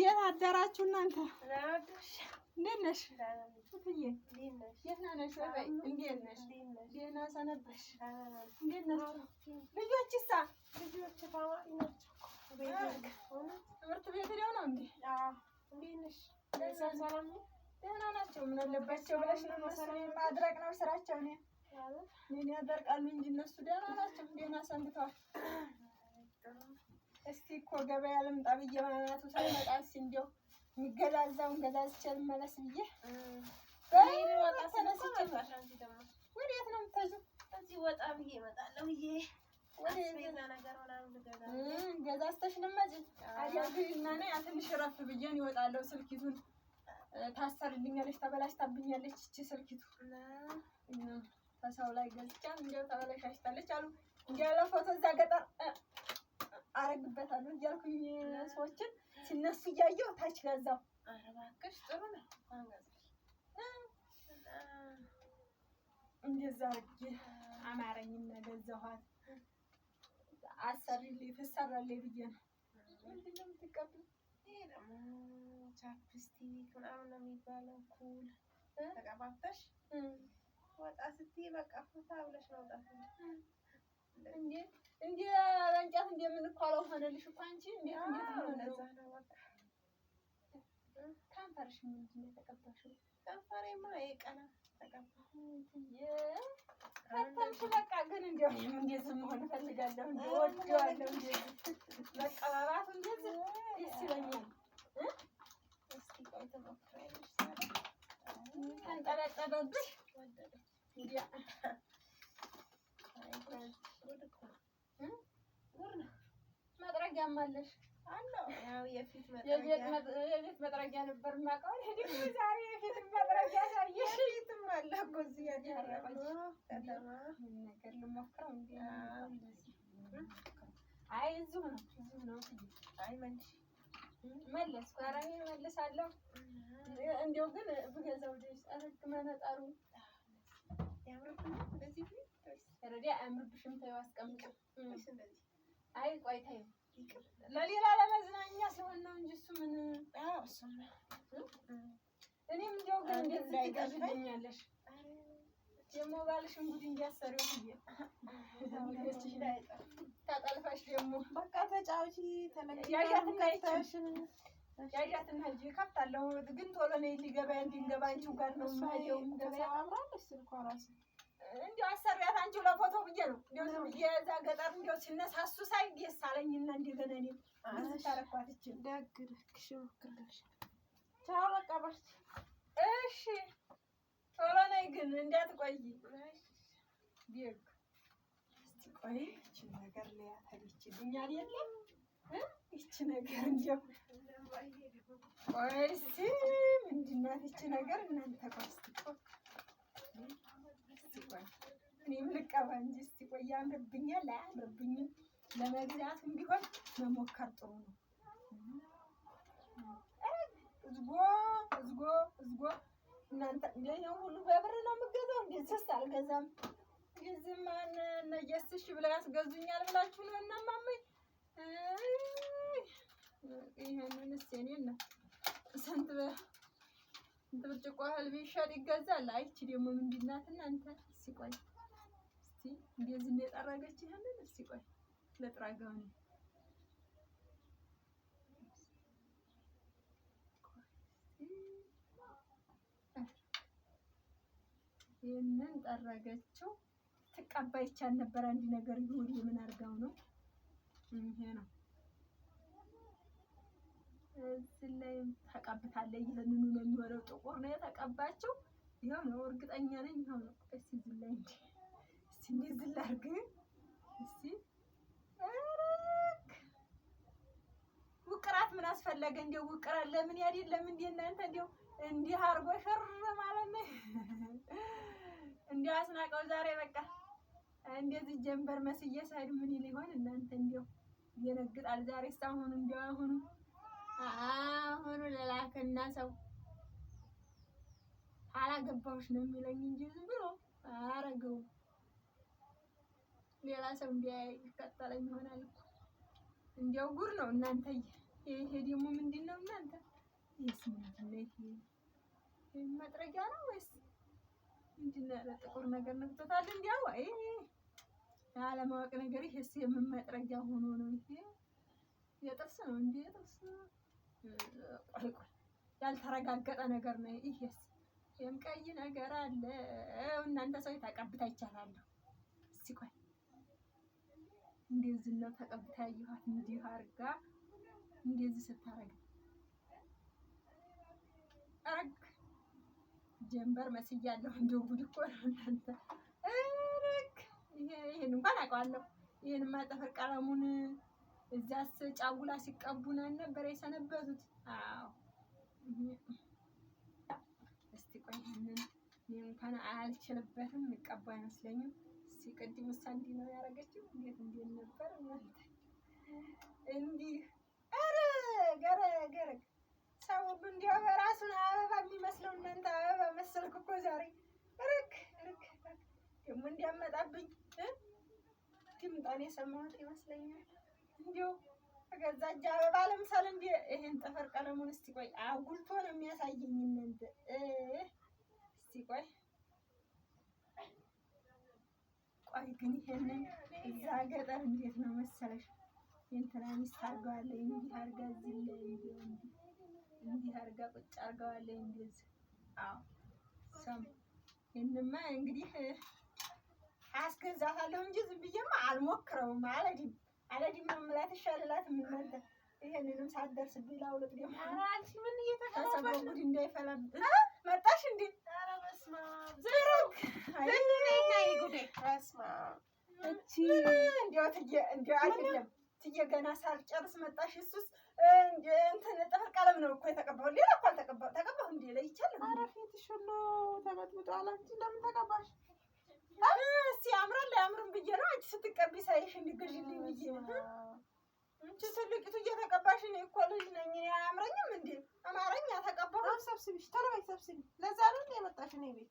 እንዴት አደራችሁ እናንተ? እንዴት ነሽ? ደህና ሰነበሽ? እንዴት ነሽ? ልጆች? ልጆች ታዋቂ ናቸው። ትምህርት ቤት ሄደው ነው እንዴ? እንዴት ነሽ? ደህና ናቸው። ምን አለባቸው ብለሽ ነው መሰለኝ። ማድረግ ነው ስራቸው። እኔን ያደርቃሉ እንጂ እነሱ ደህና ናቸው። ደህና ሰንብተዋል። እስቲ እኮ ገበያ ልምጣ ብዬ ማናቱ ሳይመጣ እስቲ እንዲያው የሚገዛዛውን ገዛዝቼ ልመለስ ብዬ ተነስቼ ወዴት ነው የምትሄጂው? ወጣ ብዬ ገዛዝተሽ ልመጪ አዲያ ግሪና ትንሽ እረፍ ብዬ እኔ ስልኪቱን ታሰርልኛለች፣ ተበላሽታብኛለች እቺ ስልኪቱ ከሰው ላይ ገዝቻ እንዲያው ተበላሽታለች አሉ እንዲያው ለፎቶ እዛ ገጠር አደርግበታለሁ እያልኩኝ ሰዎችን ሲነሱ እያየሁ ታች ገዛው ኧረ ጥሩ ነው። እንደዛ አድርጌ አማረኝና ገዛኋት። አሰሪልኝ ትሰራለች ብዬ ነው። ምንድን ነው ይሄ ደግሞ ቻፕስቲክ ምናምን ነው የሚባለው። ኩል ተቀባብተሽ ወጣ ስትይ በቃ ፍታ ብለሽ መውጣት እንዴ? ያው ሆነልሽ እኮ አንቺ እንዴት እንዴት ነው ነው ከንፈርሽ ምን እንደተቀባሽው? ከንፈሬማ የቀና ተቀባሽ በቃ ግን እንደው እንደዚህ መሆን እፈልጋለሁ እንደ ወድዋለሁ እንደ መቀባባቱ እንደዚህ ደስ ይለኛል። እስኪ ቆይ ተሞክሪያለሽ ተንጠለጠለብሽ እንዴ? መጥረጊያም አለሽ? የቤት መጥረጊያ ነበር የማውቀው። ዛሬ የፊት መጥረጊያ ሳየሽም አለ እኮ እዚህ ነገር ልሞክረው። አይ እዚሁ ነው እዚሁ ነው። አይ መለስኩ። ኧረ እኔ እመልሳለሁ። እንደው ግን ብገዛው ደስ አደረግ መነጠሩ ያምርብሽም። ተይው አስቀምጪው። አይ ቆይ ተይው ለሌላ ለመዝናኛ ሲሆን ነው እንጂ እሱ ምን እኔም እንዲያው ግን እንዴት ትቀልኛለሽ? ደግሞ ባልሽን ጉድ እንዲያሰሪው ብዬ ተጠልፈሽ ደግሞ በቃ ተጫውቺ ተለያያትናይተሽ ያያትና እጅ ከፍታለሁ። ግን ቶሎ ነይ ሊገበያ እንዲንገባ አንቺው ጋር ነው የምሄደው ገበያ አምራለች ስልኳ ራሱ እንዲያው ለአንቺው ለፎቶ ብዬ ነው የዛ ገጠር እንዲያው ሲነሳሱ ሳይ ደስ አለኝና እንደገና እኔ ታረኳትች እሺ፣ ቶሎ ነይ ግን እንዳትቆይ። ቆይ ይቺ ነገር ነገር ቆይ እስኪ ምንድን ናት ነገር እናንተ ቆይ እኔም ልቀባ እንጂ እስቲ ቆይ ያምርብኛል አያምርብኝም ለመግዛትም ቢሆን መሞከር ጥሩ ነው። እዝጎ እዝጎ እዝጎ እናንተ ይሄን ሁሉ በብር ነው የምገዛው? እንደዚህስ አልገዛም። እዚህ ማን ነየስሽ ብለው ያስገዙኛል ብላችሁ ነው እና ማመኝ ይሄንን እስቴኔ ነው ስንት ብርጭቆ እህል ቢሸጥ ይገዛል? አይቺ ደግሞ ምንድን ናት እናንተ ሲቆይ እስቲ እንደዚህ እንደጠረገች ይሄንን እስቲ ቆይ ለጥራጋው ነው ይህንን ጠረገችው። ትቀባይ ይቻል ነበር አንድ ነገር ይሁን ምን አድርጋው ነው ይሄ ነው። እዚህ ላይ ተቀብታለች። ይህንኑ ነው የሚሆነው። ጥቁር ነው የተቀባችው። ይኸው ነው እርግጠኛ ነኝ። ይኸው ነው። እስቲ እዚህ ላይ እንደ እስቲ እንደዚህ ላድርግ። እስቲ ውቅራት ምን አስፈለገ? እንደው ውቅራት ለምን ያደለም? እንደ እናንተ እንደው እንዲህ አድርጎ ሽር ማለት ነው። እንዲያው አስናቀው ዛሬ በቃ እንደዚህ ጀንበር መስዬ ሳይድ ምን ይል ይሆን እናንተ? እንደው ይነግጣል ዛሬ እስካሁኑ እንደው አሁኑ አሁኑ ለላከና ሰው አላገባሁሽ ነው የሚለኝ እንጂ ዝም ብሎ አረገው ሌላ ሰው እንዲያይ ይቀጠለኝ ይሆናል። እንዲያው ጉር ነው እናንተ። ይሄ ደግሞ ምንድን ነው እናንተ? ይሄስ ነው? መጥረጊያ ነው ወይስ ምንድን ነው? ያለ ጥቁር ነገር ነግቶታል። እንዲያው አይ ያለማወቅ ነገር። ይሄስ የምን መጥረጊያ ሆኖ ነው? ይሄ የጥርስ ነው እንዴ? የጥርስ ቆይ ቆይ፣ ያልተረጋገጠ ነገር ነው። ይሄስ የምቀይ ነገር አለ። እናንተ ሰው ተቀብታ ይቻላለሁ። እስኪ ቆይ እንደዚህ ነው ተቀብታ ያየኋት። እንዲህ አርጋ እንደዚህ ስታረግ አረግ ጀንበር መስያለሁ። እንደው ጉድ እኮ ነው እናንተ። አረግ ይሄ ይሄን እንኳን አውቀዋለሁ። ይሄን ማጠፈር ቀለሙን እዛስ ጫጉላ ሲቀቡና ነበር የሰነበቱት። አዎ እስቲ ቆይ ይሄንን እንኳን አልችልበትም የሚቀባ አይመስለኝም። ቅድሙሳ እንዲህ ነው ያደረገችው። እንዴት እንዴት ነበር ማለት እንዲህ ኧረ ገረ ገረ ሰው ሁሉ እንዲያው በራሱን አበባ የሚመስለው እናንተ አበባ መሰልክ እኮ ዛሬ። ርክ ርክ ደግሞ እንዲያመጣብኝ ድምጧን የሰማሁት ይመስለኛል። እንዲሁ ከገዛ እጅ አበባ ለምሳሌ እንዲ ይሄን ጥፍር ቀለሙን እስቲ ቆይ አጉልቶ ነው የሚያሳየኝ እናንተ እስቲ ቆይ ቆይ ግን ይሄንን እዛ ገጠር እንዴት ነው መሰለሽ የእንትና ሚስት አድርገዋለሁ እንዲህ አድርጋ እዚህ ላይ እንዲህ አርጋ ቁጭ አድርገዋለሁ እንደዚህ። አዎ ሰም ይህንማ እንግዲህ አስገዛታለሁ እንጂ ዝም ብዬማ አልሞክረውም። አለዲም አለዲም ነው የምላት ይሻልላት የምናንተ ይሄንንም ሳትደርስብኝ ላውልቅ ደግሞ ምን እየተሰበጉድ እንዳይፈላብን መጣሽ እንዴ? ኧረ በስመ አብ ዝርግ አይደለም ትዬ ገና ሳልጨርስ መጣሽ። እሱስ እንትን ጥፍር ቀለም ነው እኮ የተቀባው ሌላ እኮ አልተቀባሁም። ተቀባሁ እንዴ? ለይቻለሁ። ኧረ ፊትሽ ሁሉ ተመጥምጧል። አንቺ ለምን ተቀባሽ? እስኪ ያምራል አያምርም ብዬ ነው። አንቺ ስትቀቢ ሳይሽ እንዲገዥልኝ ብዬ አንቺ ስልቂቱ እየተቀባሽ እኔ እኮ ልጅ ነኝ፣ አያምረኝም እንዴ? አማረኛ ተቀባሁ። ሰብስቢሽ ተለበይ፣ ሰብስቢ። ለዛ ነው የመጣሽ እኔ ቤት